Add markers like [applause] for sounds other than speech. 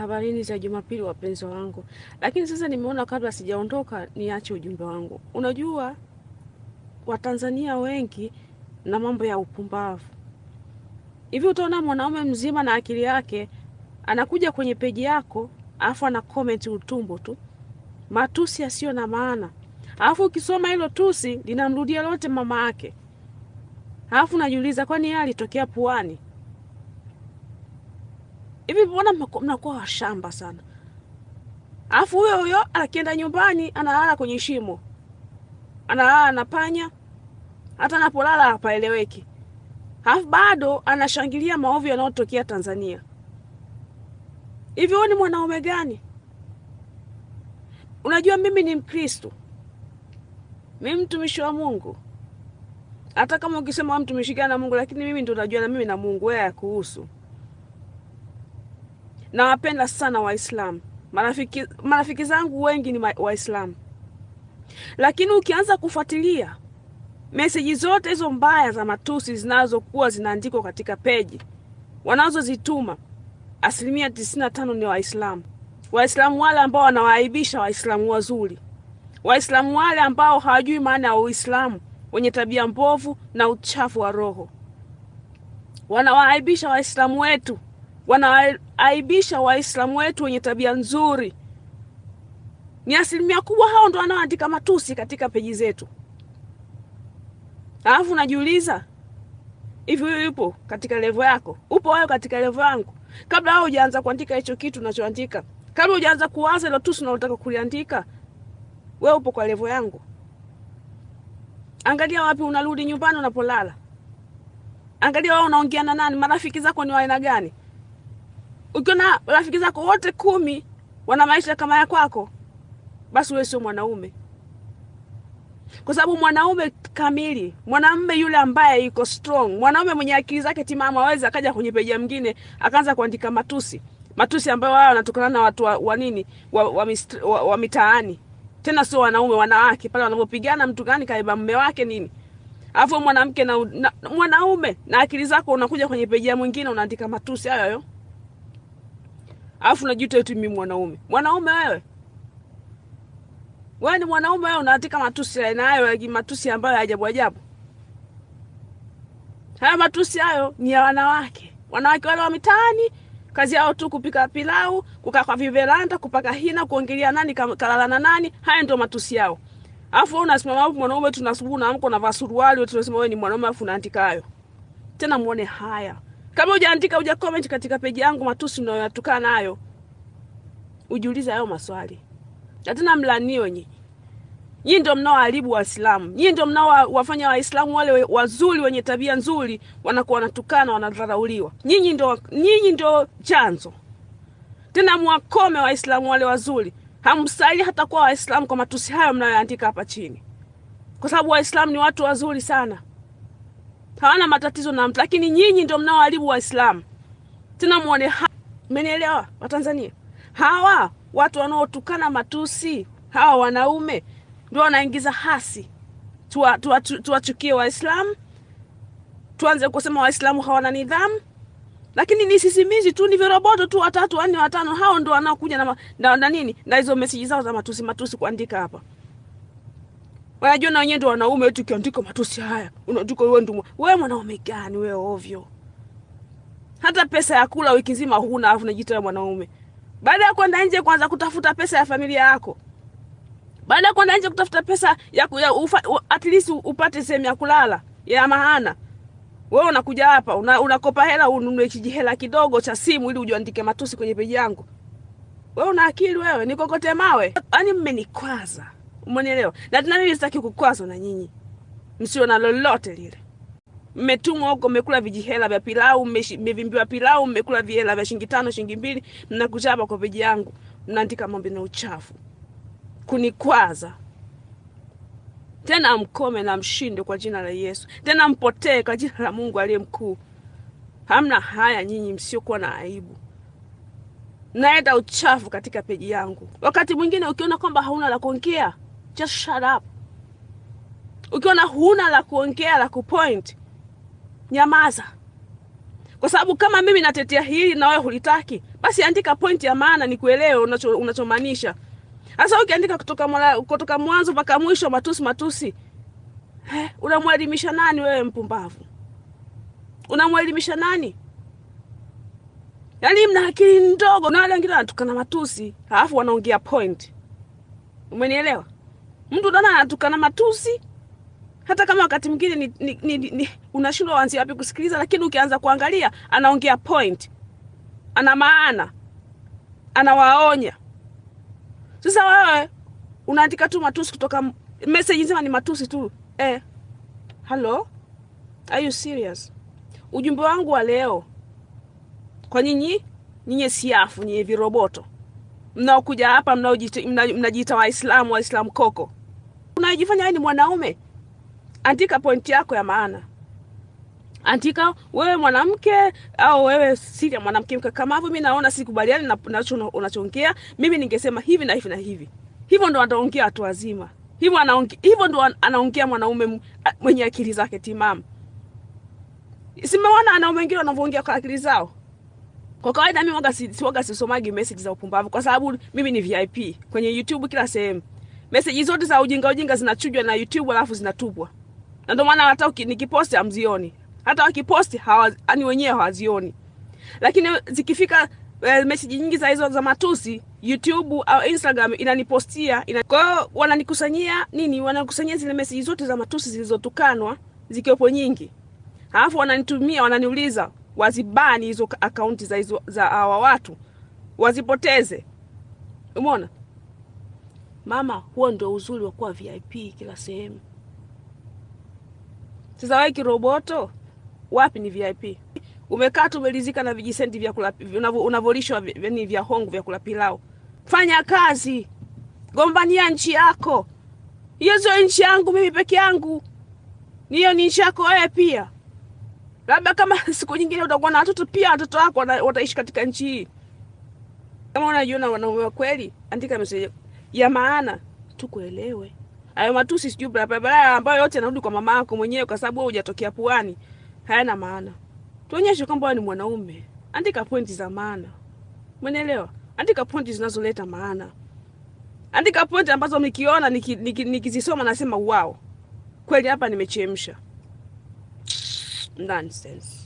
Habarini za Jumapili wapenzi wangu, lakini sasa nimeona kabla sijaondoka niache ujumbe wangu. Unajua Watanzania wengi na mambo ya upumbavu hivi, utaona mwanaume mzima na akili yake anakuja kwenye peji yako, alafu ana comment utumbo tu, matusi yasiyo na maana, alafu ukisoma hilo tusi linamrudia lote mama yake, alafu najiuliza kwani yeye alitokea puani? hivi, mbona mnakuwa washamba sana? Alafu huyo huyo anakienda nyumbani analala kwenye shimo, analala na panya, hata anapolala hapaeleweki. Alafu bado anashangilia maovu yanayotokea Tanzania. Hivi wewe ni mwanaume gani? Unajua mimi ni Mkristo, mimi mtumishi wa Mungu. Hata kama ukisema mtumishi gani na Mungu, lakini mimi ndo najua na mimi na Mungu, wewe yakuhusu nawapenda sana waislam marafiki, marafiki zangu wengi ni waislam lakini ukianza kufuatilia meseji zote hizo mbaya za matusi zinazokuwa zinaandikwa katika peji wanazozituma, asilimia tano ni Waislamu. Waislamu wale ambao wanawaaibisha Waislamu wazuri, Waislamu wale ambao hawajui maana ya Uislamu, wenye tabia mbovu na uchafu wa roho, wanawaaibisha Waislamu wetu wanaaibisha Waislamu wetu wenye tabia nzuri. Ni asilimia kubwa, hao ndo wanaoandika matusi katika peji zetu. Alafu najiuliza hivi, wewe yupo katika levo yako? Upo wayo katika levo yangu? Kabla hao ujaanza kuandika hicho kitu unachoandika, kabla ujaanza kuwaza ilo tusi unalotaka kuliandika, we upo kwa levo yangu? Angalia wapi unarudi nyumbani unapolala, angalia wao unaongea na nani, marafiki zako ni waaina gani? ukiona rafiki zako wote kumi wana maisha kama ya kwako, basi wewe sio mwanaume, kwa sababu mwanaume kamili, mwanaume yule ambaye yuko strong, mwanaume mwenye akili zake timamu aweza akaja kwenye peja mwingine akaanza kuandika matusi matusi ambayo wao wanatokana na watu wa, wa nini wa, wa, wa, wa mitaani, tena sio wanaume, wanawake pale wanapopigana, mtu gani kaiba mume wake nini, alafu mwanamke na, na mwanaume na akili zako, unakuja kwenye peja mwingine unaandika matusi hayo hayo alafu najuta eti mimi mwanaume. Mwanaume wewe, wewe ni mwanaume wewe, unaandika matusi aina hayo, matusi ambayo ajabu ajabu. Haya matusi hayo ni ya wanawake, wanawake wale wa mitaani kazi yao tu kupika pilau, kukaa kwa viveranda, kupaka hina, kuongelea nani kalala na nani. Haya ndio matusi yao. Alafu wewe unasimama hapo mwanaume, tunasubuhi na amko na vasuruali, tunasema wewe ni mwanaume, afu unaandika hayo tena, muone haya kama hujaandika huja comment katika peji yangu matusi unayoyatukana nayo, ujiulize hayo maswali. Na tena mlaniwe nyinyi, nyinyi ndio mnaoharibu Waislamu, nyinyi ndio mnaowafanya Waislamu wale wazuri wenye tabia nzuri wanakuwa wanatukana, wanadharauliwa. Nyinyi ndio, nyinyi ndio chanzo. Tena mwakome Waislamu wale wazuri, hamsali hata kuwa Waislamu kwa matusi hayo mnayoandika hapa chini, kwa sababu Waislamu ni watu wazuri sana hawana matatizo na mtu, lakini nyinyi ndio mnaoharibu Waislamu. Tena muone, mmenielewa Watanzania? Hawa watu wanaotukana matusi, hawa wanaume ndio wanaingiza hasi. Tuwachukie Waislamu, tuanze kusema Waislamu hawana nidhamu, lakini ni sisimizi tu, ni viroboto tu, watatu wanne watano, hao ndio wanaokuja na, na, na nini na hizo meseji zao za matusi matusi kuandika hapa. Wajua na wenyewe ndio wanaume wetu, ukiandika matusi haya unaandika wewe ndio wewe. Mwanaume gani wewe? Ovyo, hata pesa ya kula wiki nzima huna, alafu unajiita wewe mwanaume, baada ya kwenda nje kwanza kutafuta pesa ya familia yako, baada ya kwenda nje kutafuta pesa ya, ya ufa, at least upate sehemu ya kulala ya maana. Wewe unakuja hapa una, unakopa hela ununue kijihela kidogo cha simu ili ujiandike matusi kwenye peji yangu. Wewe una akili wewe? Nikokote mawe, yaani mmenikwaza. Umenielewa? Na tena mimi sitaki kukwazwa na nyinyi, msio na lolote lile. Mmetumwa huko, mmekula vijihela vya pilau, mmevimbiwa pilau, mmekula vihela vya shilingi tano, shilingi mbili, mnakuja hapa kwa peji yangu mnaandika mambo na uchafu kunikwaza. Tena mkome na mshinde kwa jina la Yesu, tena mpotee kwa jina la Mungu aliye mkuu. Hamna haya nyinyi msiokuwa na aibu naenda uchafu katika peji yangu. Wakati mwingine ukiona kwamba hauna la kuongea, just shut up. Ukiona huna la kuongea la kupoint, nyamaza, kwa sababu kama mimi natetea hili na wewe hulitaki, basi andika point ya maana ni unacho, unachomaanisha. Unacho Sasa ukiandika kutoka, mwala, kutoka mwanzo mpaka mwisho matusi matusi, eh, unamwelimisha nani wewe? Mpumbavu, unamwelimisha nani? Yaani mna akili ndogo, na wale wengine wanatukana matusi, alafu wanaongea point. Umenielewa? mtu dada anatukana matusi hata kama wakati mwingine ni, ni, ni, ni, unashindwa wanzi wapi kusikiliza, lakini ukianza kuangalia anaongea point, ana maana, anawaonya. Sasa wewe unaandika tu matusi kutoka message nzima ni matusi tu eh. Hello, are you serious? Ujumbe wangu wa leo kwa nyinyi nyinyi siafu, nyinyi viroboto mnaokuja hapa mnaojiita Waislamu, Waislamu koko unajifanya wewe ni yaani mwanaume. Andika pointi yako ya maana. Andika wewe mwanamke au wewe siri ya mwanamke Kama mkakamavu, mimi naona sikubaliani na nacho unachoongea, mimi ningesema hivi na hivi na hivi. Hivyo ndo ataongea watu wazima. Hivyo anaongea, hivyo ndo anaongea mwanaume mwenye akili zake timamu. Simeona wanaume wengine wanavyoongea kwa akili zao. Kwa kawaida mimi waga si, waga sisomagi message za upumbavu kwa sababu mimi ni VIP kwenye YouTube kila sehemu meseji zote za ujinga ujinga zinachujwa na YouTube alafu zinatupwa, na ndio maana hata nikiposti hamzioni, hata wakiposti yani wenyewe hawazioni, lakini zikifika Well, eh, meseji nyingi za hizo za matusi YouTube au Instagram inanipostia ina... kwa hiyo wananikusanyia nini, wanakusanyia zile meseji zote za matusi zilizotukanwa zikiwepo nyingi, alafu wananitumia, wananiuliza wazibani hizo akaunti za hizo za hawa watu wazipoteze, umeona. Mama, huo ndio uzuri wa kuwa VIP kila sehemu. Sasa wewe kiroboto, wapi ni VIP? Umekaa tu umelizika na vijisendi vya kula unavolishwa yani vya hongo vya kula pilau. Fanya kazi, gombania nchi yako. Hiyo sio nchi yangu mimi peke yangu, niyo ni nchi yako wewe pia. Labda kama [laughs] siku nyingine utakuwa na watoto pia, watoto wako wataishi katika nchi hii. Kama unajiona wanaume wa kweli, andika meseji ya maana tukuelewe. Hayo matusi sijui barabara ambayo yote yanarudi kwa mama yako mwenyewe, kwa sababu wewe hujatokea puani, hayana maana. Tuonyeshe kwamba wewe ni mwanaume, andika pointi za maana, umeelewa? Andika pointi zinazoleta maana, andika pointi ambazo nikiona nikizisoma, niki, niki nasema wow, kweli hapa nimechemsha. Nonsense.